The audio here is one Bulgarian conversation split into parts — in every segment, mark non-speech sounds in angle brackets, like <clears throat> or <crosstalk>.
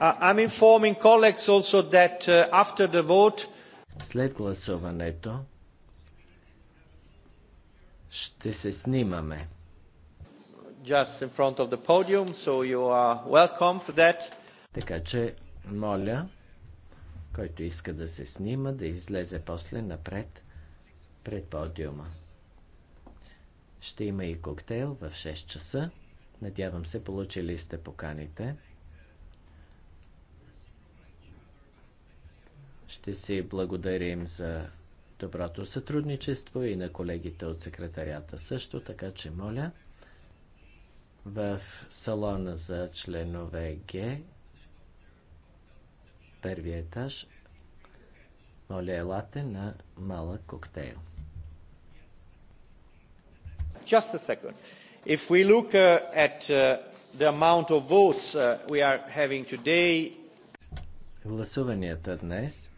Uh, I'm informing colleagues also that uh, after the vote... След гласуването ще се снимаме. Just in front of the podium, so you are welcome for that. Така че, моля, който иска да се снима, да излезе после напред пред подиума. Ще има и коктейл в 6 часа. Надявам се, получили сте поканите. Ще си благодарим за доброто сътрудничество и на колегите от секретарията също, така че моля в салона за членове Г, първия етаж, моля елате на малък коктейл. Just a second. If we look uh, at uh, the amount of votes uh, we are having today, гласуванията днес –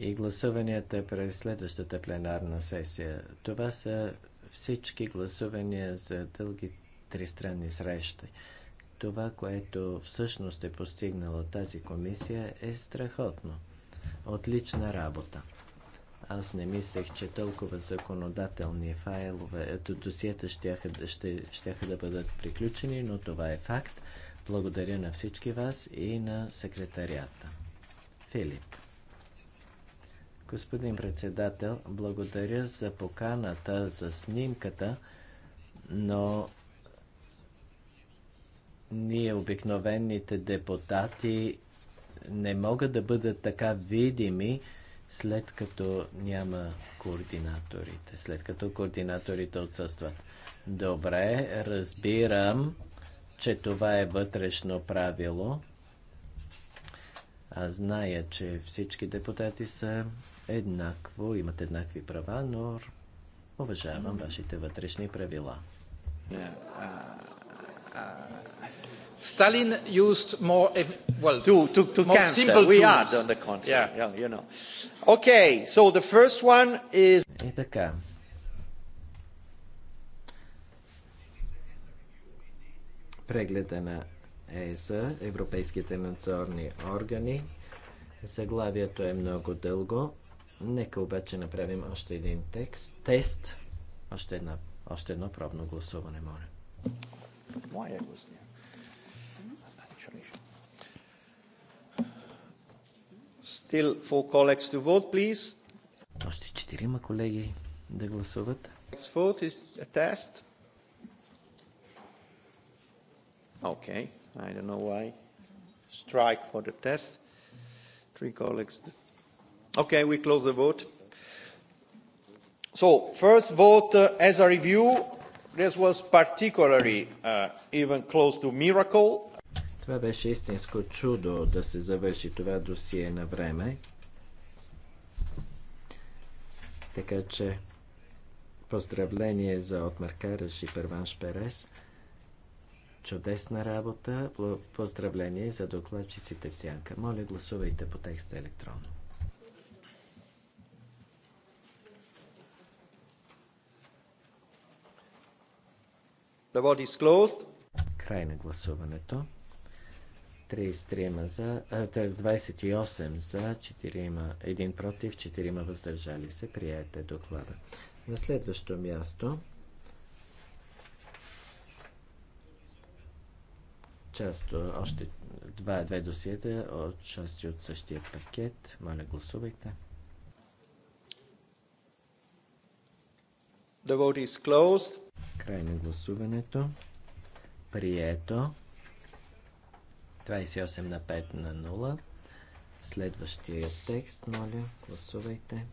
и гласуванията през следващата пленарна сесия. Това са всички гласувания за дълги тристранни срещи. Това, което всъщност е постигнала тази комисия, е страхотно. Отлична работа. Аз не мислех, че толкова законодателни файлове, ето досиета ще, ще, ще да бъдат приключени, но това е факт. Благодаря на всички вас и на секретарията. Филип. Господин председател, благодаря за поканата, за снимката, но ние, обикновените депутати, не могат да бъдат така видими, след като няма координаторите, след като координаторите отсъстват. Добре, разбирам, че това е вътрешно правило. Аз зная, че всички депутати са еднакво, имат еднакви права, но уважавам вашите вътрешни правила. Сталин е, used more, well, to, to, to more cancer. simple We tools. are on the contrary, yeah. you know. Okay, so the first one is... И така. Прегледа на ЕСА, Европейските надзорни органи. Заглавието е много дълго. Нека обаче направим още един текст, тест, още, една, още едно пробно гласуване, моля. Моя е гласния. Still four colleagues to vote, please. Още четирима колеги да гласуват. Next vote is a test. Okay, I don't know why. Strike for the test. Three colleagues. That Okay, we close the vote. So, first vote uh, as a review. This was particularly uh, even close to miracle. Това беше истинско чудо да се завърши това досие на време. Така че поздравление за отмаркараш и Перванш Перес. Чудесна работа. Поздравление за докладчиците в сянка. Моля, гласувайте по текста електронно. The vote is closed. Край на гласуването. 33 за, 28 за, 4, 1 против, 4 въздържали се. Приете доклада. На следващо място част, още два, две досиета от части от същия пакет. Моля, гласувайте. The vote is closed. Край на гласуването. Прието. 28 на 5 на 0. Следващия текст, моля, гласувайте.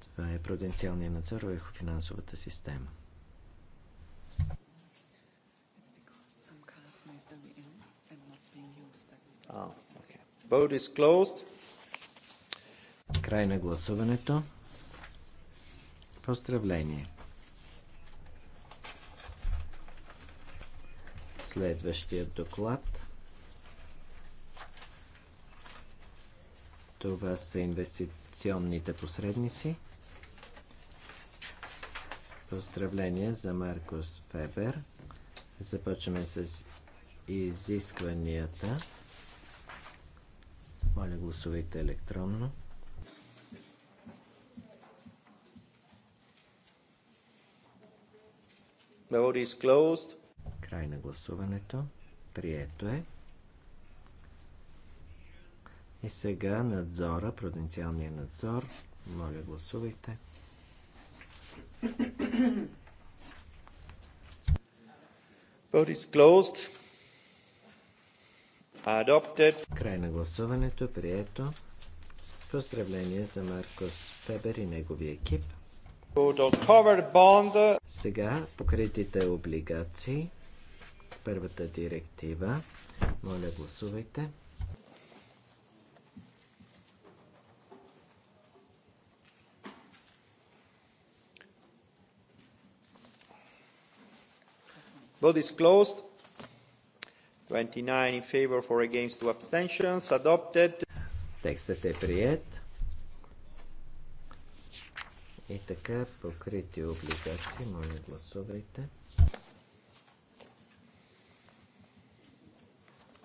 Това е пруденциалния надзор върху финансовата система. Oh, okay. Край на гласуването. Поздравление! Следващия доклад. Това са инвестиционните посредници. Поздравление за Маркус Фебер. Започваме с изискванията. Моля, гласувайте електронно. Край на гласуването. Прието е. И сега надзора, проденциалния надзор. Моля, гласувайте. Vote is closed. Adopted. Край на гласуването. Прието. Поздравление за Маркос Фебер и неговия екип. Сега покритите облигации. Първата директива. Моля, гласувайте. Vote is closed. 29 in favor, 4 against, 2 abstentions. Adopted. Текстът е прият. И така, покрити облигации, моля гласувайте.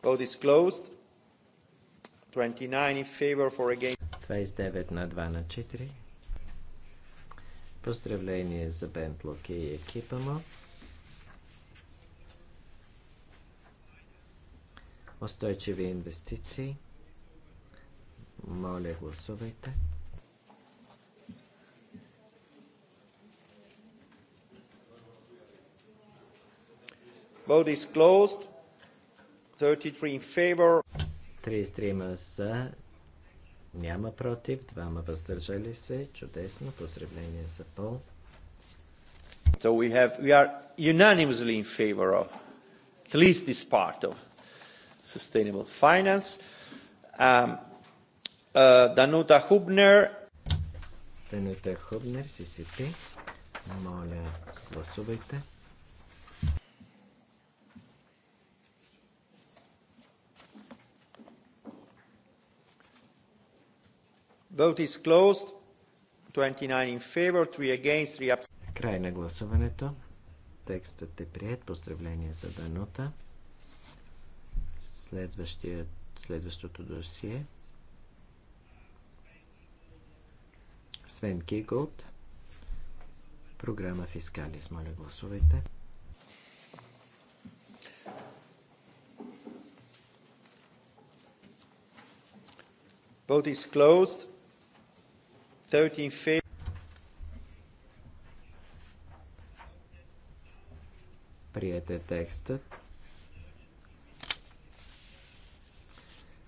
Vote is closed. 29 in favor for again. 29 на 2 на 4. Поздравление за Бент Локи и екипа му. Устойчиви инвестиции. Моля, гласувайте. Vote is closed. 33 in favor. 33 за, няма против, двама въздържали се. Чудесно, поздравление за Пол. So we have, we are unanimously in favor of at least this part of sustainable finance. Um, uh, Данута Хубнер. Данута Хубнер, CCP. Моля, гласувайте. Vote is closed. 29 in favor, 3 against, 3 Край на гласуването. Текстът е прият. Поздравление за Данута. следващото досие. Свен Киголд. Програма Фискалис. Моля, гласувайте. Vote is closed. 13 in Приете текстът.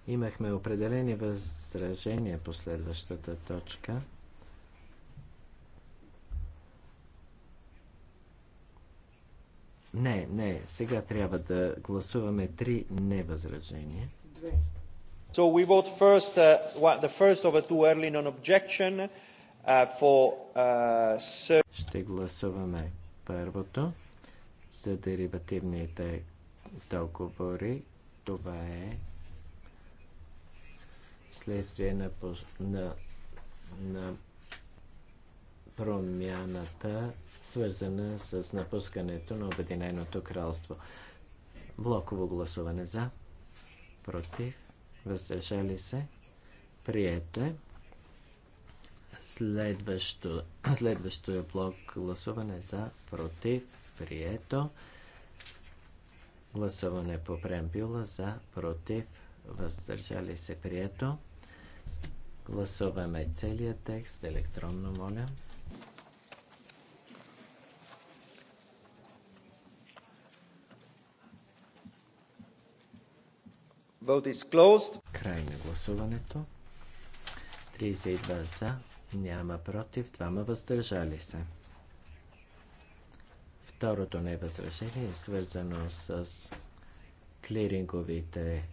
Имахме определени възражения по следващата точка. Не, не, сега трябва да гласуваме три невъзражения. Две. So we vote first, uh, the first of a two early non-objection uh, for... Uh, Ще гласуваме първото за деривативните договори. Това е следствие на, на, на промяната, свързана с напускането на Обединеното кралство. Блоково гласуване за, против, въздържали се, прието е. <clears throat> Следващо, е блок гласуване за, против, прието. Гласуване по преамбюла за, против, въздържали се, прието. Гласуваме целият текст електронно, моля. Vote is closed. Край на гласуването. 32 за, няма против, двама въздържали се. Второто невъзражение е свързано с клиринговите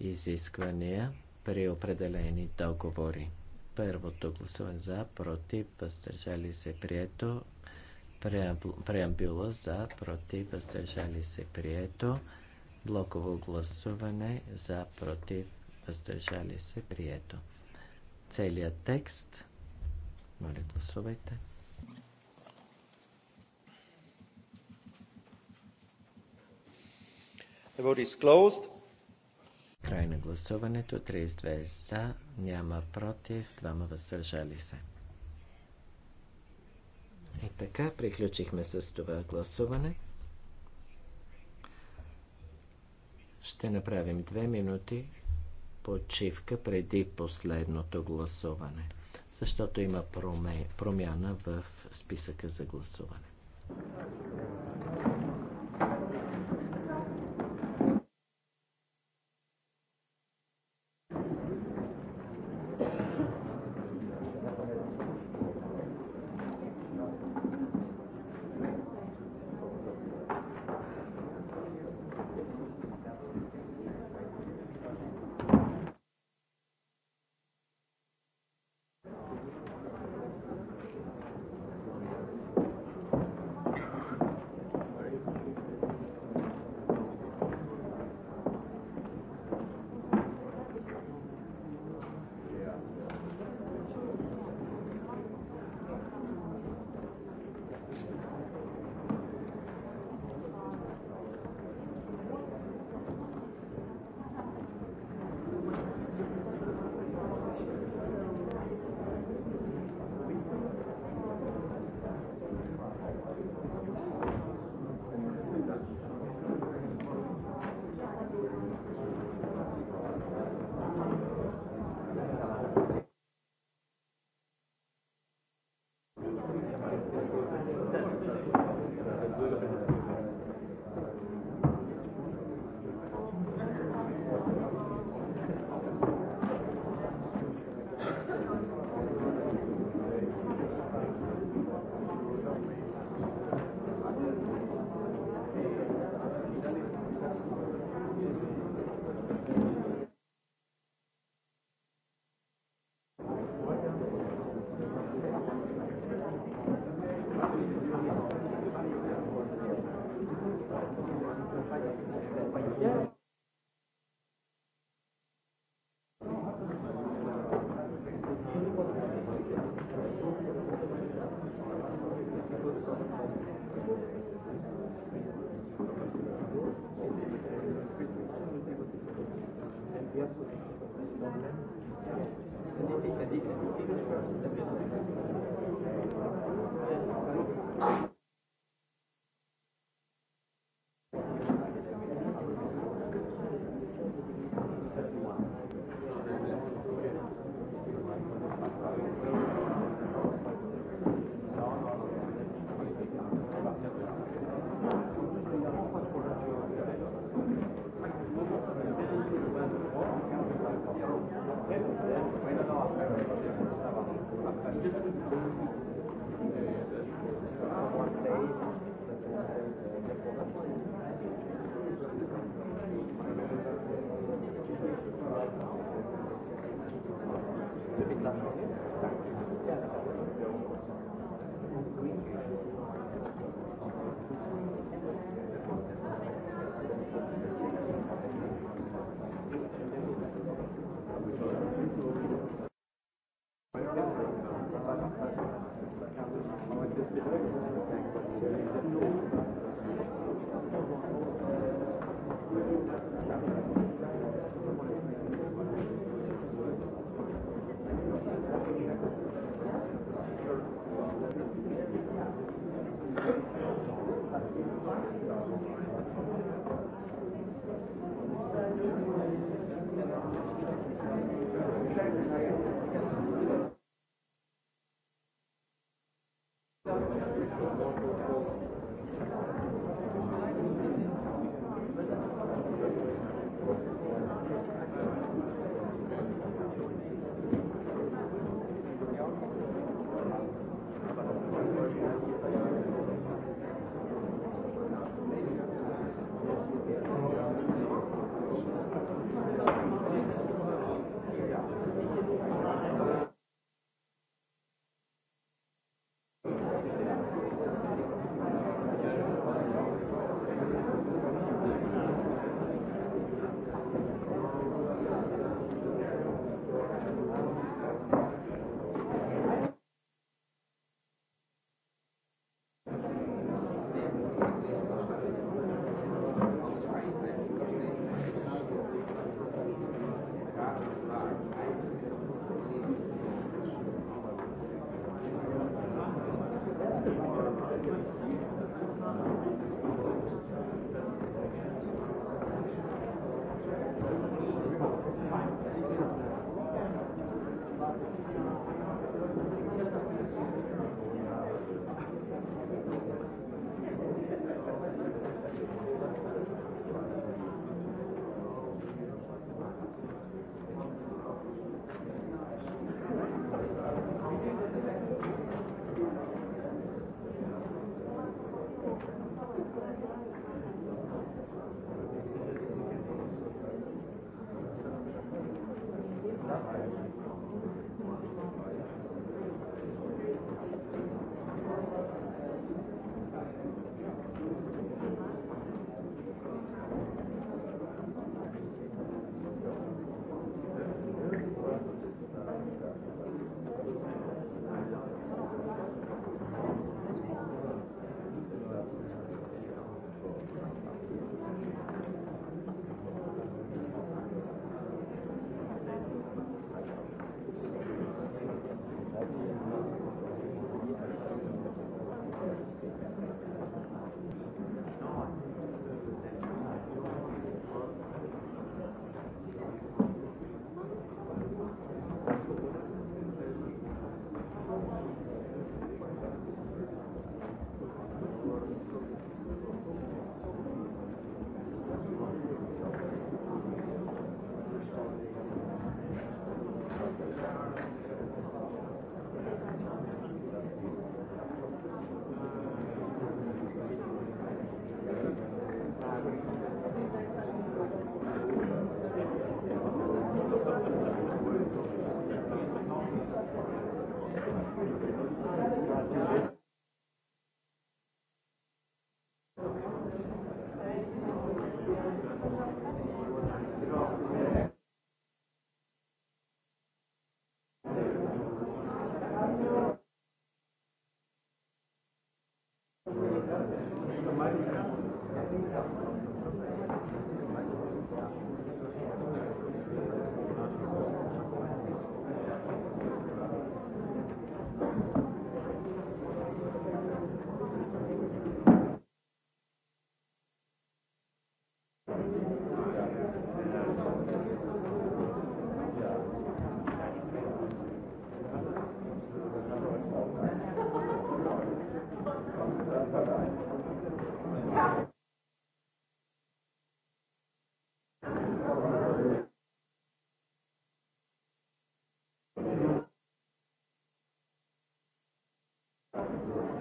изисквания при определени договори. Първото гласуване за, против, въздържали се, прието. Преамбюла за, против, въздържали се, прието. Блоково гласуване за против въздържали се прието. Целият текст. Моля, гласувайте. The vote is closed. Край на гласуването. 32 за, няма против, двама въздържали се. И така, приключихме с това гласуване. Ще направим две минути почивка преди последното гласуване, защото има промяна в списъка за гласуване.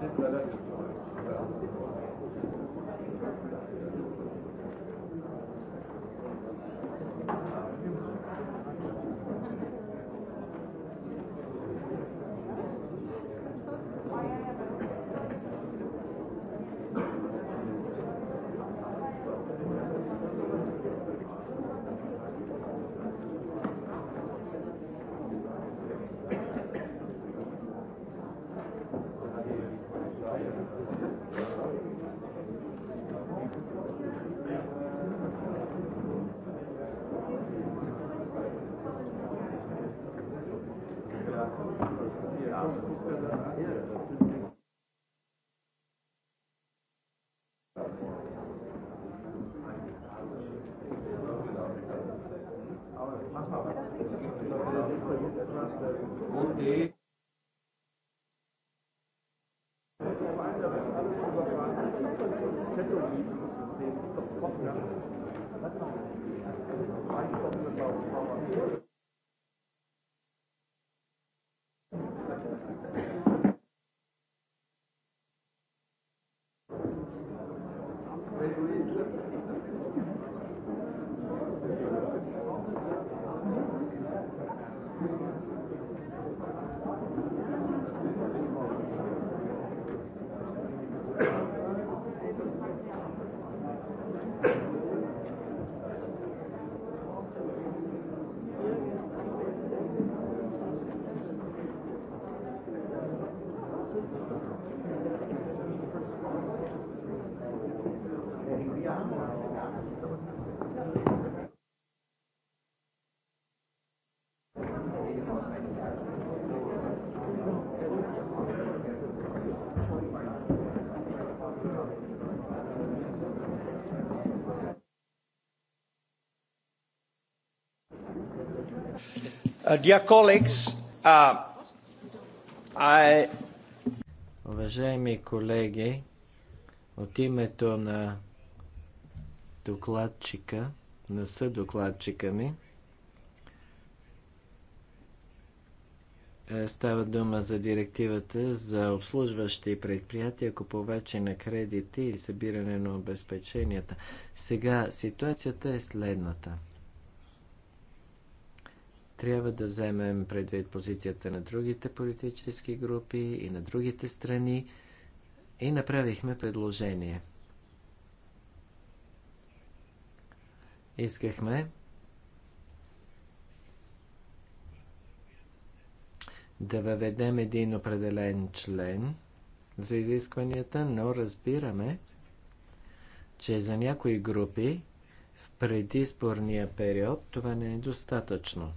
Thank you. Und die Uh, dear colleagues, uh, I... Уважаеми колеги, от името на докладчика, на съдокладчика ми, Е, става дума за директивата за обслужващи предприятия, купувачи на кредити и събиране на обезпеченията. Сега ситуацията е следната. Трябва да вземем предвид позицията на другите политически групи и на другите страни и направихме предложение. Искахме да въведем един определен член за изискванията, но разбираме, че за някои групи в предизборния период това не е достатъчно.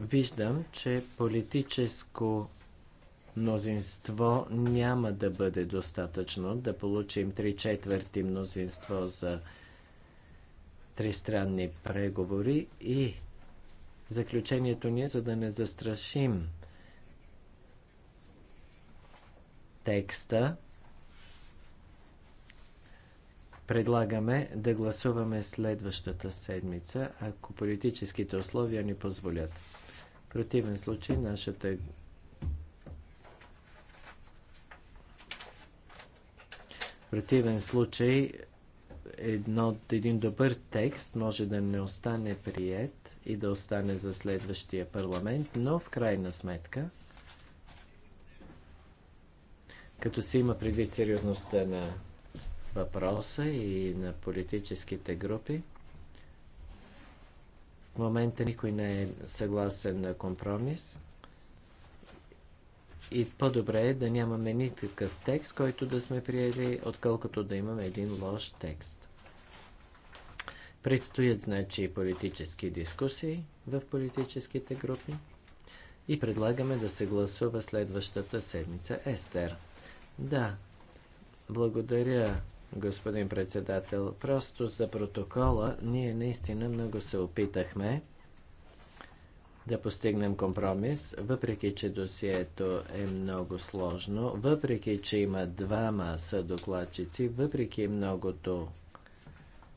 Виждам, че политическо мнозинство няма да бъде достатъчно да получим три четвърти мнозинство за тристранни преговори и заключението ни, за да не застрашим текста. Предлагаме да гласуваме следващата седмица, ако политическите условия ни позволят. В противен случай нашата В противен случай едно, един добър текст може да не остане прият и да остане за следващия парламент, но в крайна сметка, като се има предвид сериозността на въпроса и на политическите групи, в момента никой не е съгласен на компромис – и по-добре е да нямаме никакъв текст, който да сме приели, отколкото да имаме един лош текст. Предстоят, значи, политически дискусии в политическите групи и предлагаме да се гласува следващата седмица. Естер. Да, благодаря, господин председател. Просто за протокола ние наистина много се опитахме да постигнем компромис, въпреки че досието е много сложно, въпреки че има двама съдокладчици, въпреки многото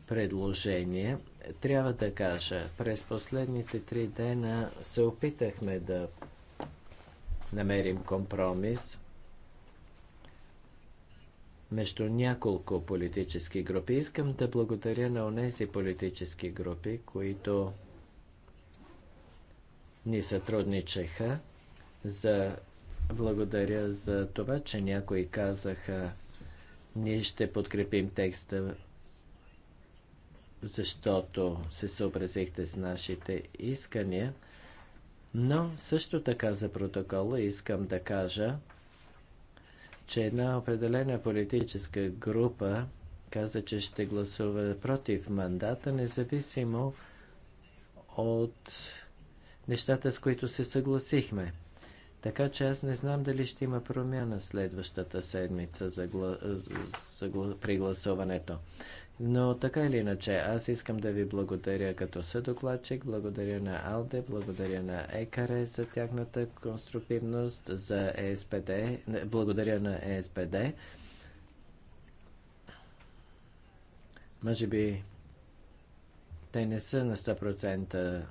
предложение, трябва да кажа, през последните три дена се опитахме да намерим компромис между няколко политически групи. Искам да благодаря на онези политически групи, които ни сътрудничеха. За... Благодаря за това, че някои казаха, ние ще подкрепим текста, защото се съобразихте с нашите искания. Но също така за протокола искам да кажа, че една определена политическа група каза, че ще гласува против мандата, независимо от нещата, с които се съгласихме. Така че аз не знам дали ще има промяна следващата седмица за гла... За за... при гласуването. Но така или иначе, аз искам да ви благодаря като съдокладчик, благодаря на Алде, благодаря на ЕКАРЕ за тяхната конструктивност, за ЕСПД, благодаря на ЕСПД. Може би те не са на 100%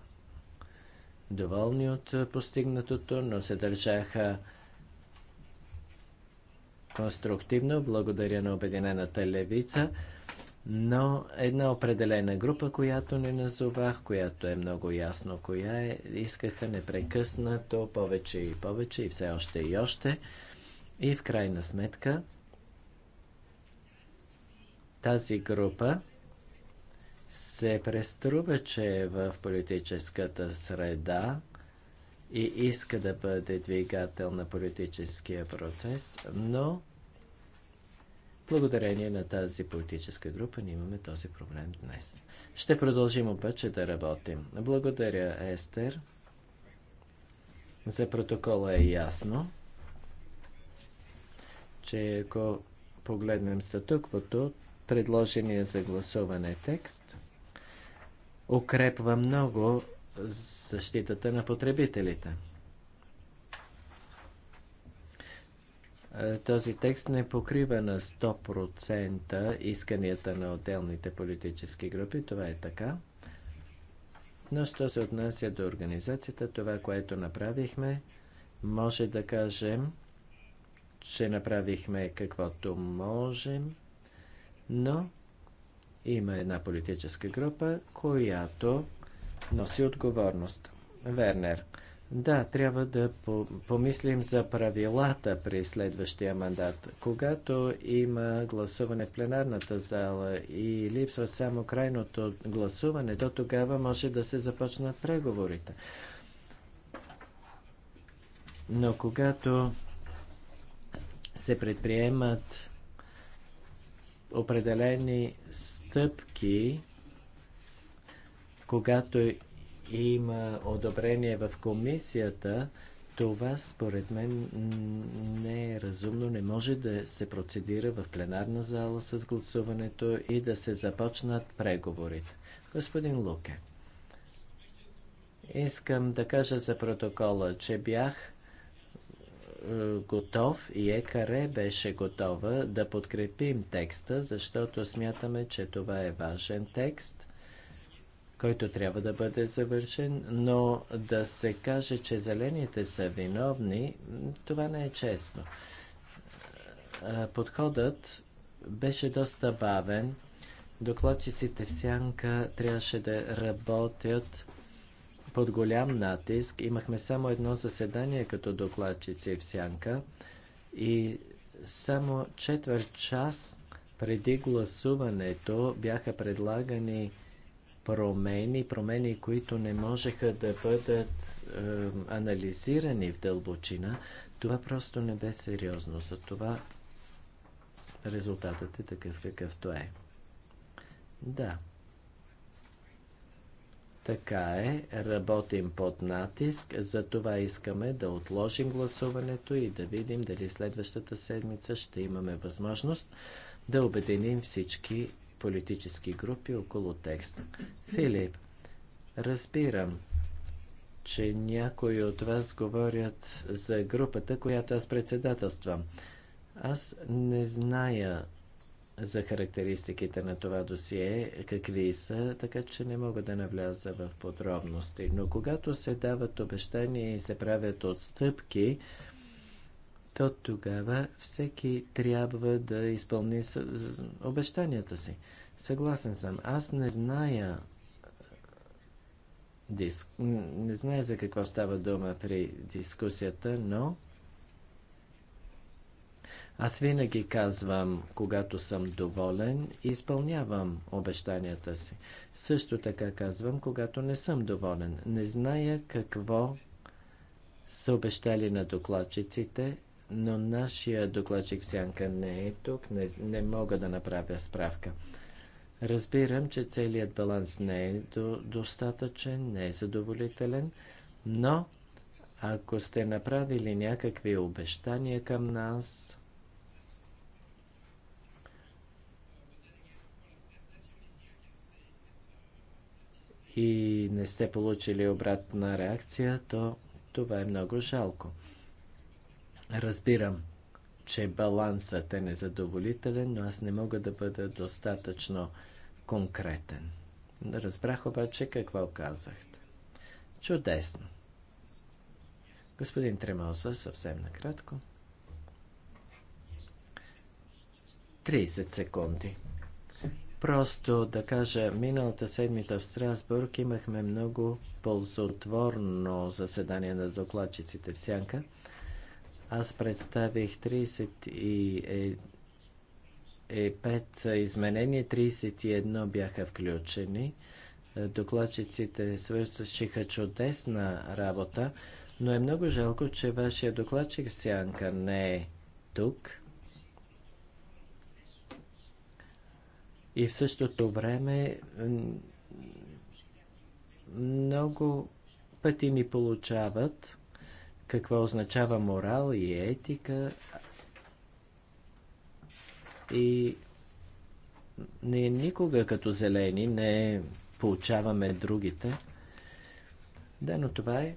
доволни от постигнатото, но се държаха конструктивно. Благодаря на Обединената левица. Но една определена група, която не назовах, която е много ясно коя е, искаха непрекъснато повече и повече и все още и още. И в крайна сметка тази група се преструва, че е в политическата среда и иска да бъде двигател на политическия процес, но благодарение на тази политическа група ние имаме този проблем днес. Ще продължим обаче да работим. Благодаря, Естер. За протокола е ясно, че ако погледнем статуквото, предложения за гласуване текст – укрепва много защитата на потребителите. Е, този текст не покрива на 100% исканията на отделните политически групи, това е така. Но що се отнася до организацията, това, което направихме, може да кажем, че направихме каквото можем, но има една политическа група, която носи отговорност. Вернер. Да, трябва да помислим за правилата при следващия мандат. Когато има гласуване в пленарната зала и липсва само крайното гласуване, то тогава може да се започнат преговорите. Но когато се предприемат определени стъпки, когато има одобрение в комисията, това според мен не е разумно. Не може да се процедира в пленарна зала с гласуването и да се започнат преговорите. Господин Луке, искам да кажа за протокола, че бях готов и ЕКАРЕ беше готова да подкрепим текста, защото смятаме, че това е важен текст, който трябва да бъде завършен, но да се каже, че зелените са виновни, това не е честно. Подходът беше доста бавен. Докладчиците в сянка трябваше да работят под голям натиск. Имахме само едно заседание като докладчици в Сянка и само четвърт час преди гласуването бяха предлагани промени, промени, които не можеха да бъдат е, анализирани в дълбочина. Това просто не бе сериозно. Затова резултатът е такъв какъвто е. Да, така е, работим под натиск, за това искаме да отложим гласуването и да видим дали следващата седмица ще имаме възможност да обединим всички политически групи около текста. Филип, разбирам, че някои от вас говорят за групата, която аз председателствам. Аз не зная за характеристиките на това досие, какви са, така че не мога да навляза в подробности. Но когато се дават обещания и се правят отстъпки, то тогава всеки трябва да изпълни обещанията си. Съгласен съм. Аз не зная диск... не зная за какво става дума при дискусията, но аз винаги казвам, когато съм доволен, изпълнявам обещанията си. Също така казвам, когато не съм доволен. Не зная какво са обещали на докладчиците, но нашия докладчик в сянка не е тук, не, не мога да направя справка. Разбирам, че целият баланс не е до, достатъчен, не е задоволителен, но ако сте направили някакви обещания към нас, и не сте получили обратна реакция, то това е много жалко. Разбирам, че балансът е незадоволителен, но аз не мога да бъда достатъчно конкретен. Разбрах обаче какво казахте. Чудесно. Господин Тремоза, съвсем накратко. 30 секунди. Просто да кажа, миналата седмица в Страсбург имахме много ползотворно заседание на докладчиците в Сянка. Аз представих 35 изменения, 31 бяха включени. Докладчиците свършиха чудесна работа, но е много жалко, че вашия докладчик в Сянка не е тук – и в същото време много пъти ни получават какво означава морал и етика и ние никога като зелени не получаваме другите. Да, но това е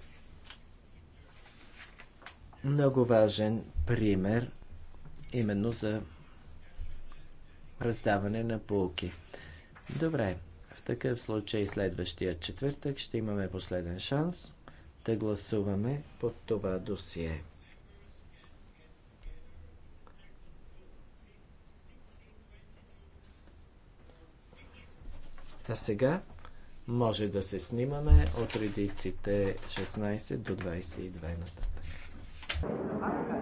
много важен пример именно за раздаване на полки. Добре, в такъв случай следващия четвъртък ще имаме последен шанс да гласуваме под това досие. А сега може да се снимаме от редиците 16 до 22 нататък.